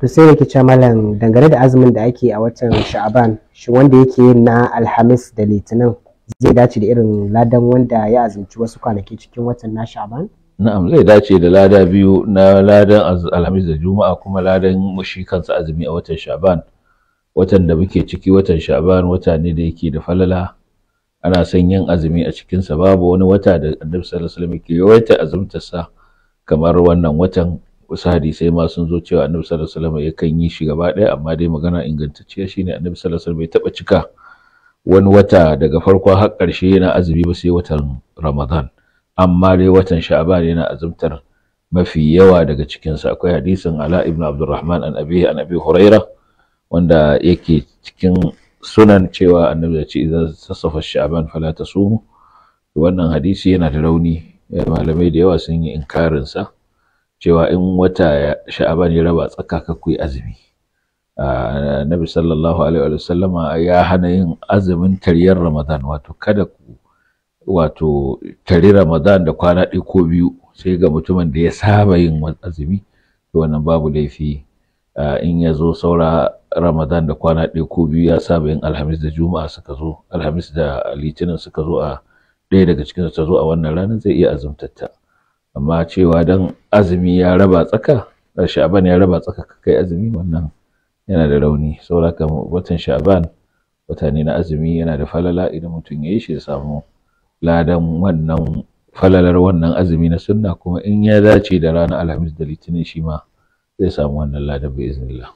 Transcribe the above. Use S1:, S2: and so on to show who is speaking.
S1: to sai da kice malam dangane da azumin da ake a watan sha'aban shi wanda yake yin na alhamis da litinin zai dace da irin ladan wanda ya azumci wasu kwanaki cikin watan na sha'aban
S2: na'am zai dace da lada biyu na ladan alhamis da juma'a kuma ladan shi kansa azumi a watan sha'aban watan da muke ciki watan sha'aban wata ne da yake da falala ana son yin azumi a cikinsa babu wani wata da annabi sallallahu alaihi wasallam yake yawaita azumtarsa kamar wannan watan wasu hadisai ma sun zo cewa annabi sallallahu alaihi wasallam yakan yi shi gaba ɗaya amma dai magana ingantacciya shine annabi sallallahu alaihi wasallam bai taba cika wani wata daga farko har ƙarshe yana azumi ba sai watan Ramadan amma dai watan Sha'ban yana azumtar mafi yawa daga cikinsa akwai hadisin ala ibn abdurrahman an abi an abi huraira wanda yake cikin sunan cewa annabi ya ce idan sassafa sha'ban fala tasumu wannan hadisi yana da rauni malamai da yawa sun yi inkarin sa cewa in wata sha'aban ya raba tsaka ka kuyi azumi Nabi sallallahu alaihi wa sallama ya hana yin azumin tariyar Ramadan wato kada ku wato tari Ramadan da kwana ɗaya ko biyu sai ga mutumin da ya saba yin azumi to wannan babu laifi in ya zo saura Ramadan da kwana ɗaya ko biyu ya saba yin Alhamis da Juma'a suka zo Alhamis da Litinin suka zo a ɗaya daga cikin ta zo a wannan ranar zai iya azumtatta amma cewa dan azumi ya raba tsaka da sha'ban ya raba tsaka kai azumi wannan yana da rauni saboda watan sha'ban wata na azumi yana da falala idan mutum ya yi shi ya samu ladan wannan falalar wannan azumi na sunna kuma in ya dace da ranar alhamis da litinin shi ma zai samu wannan ladan bai iznillah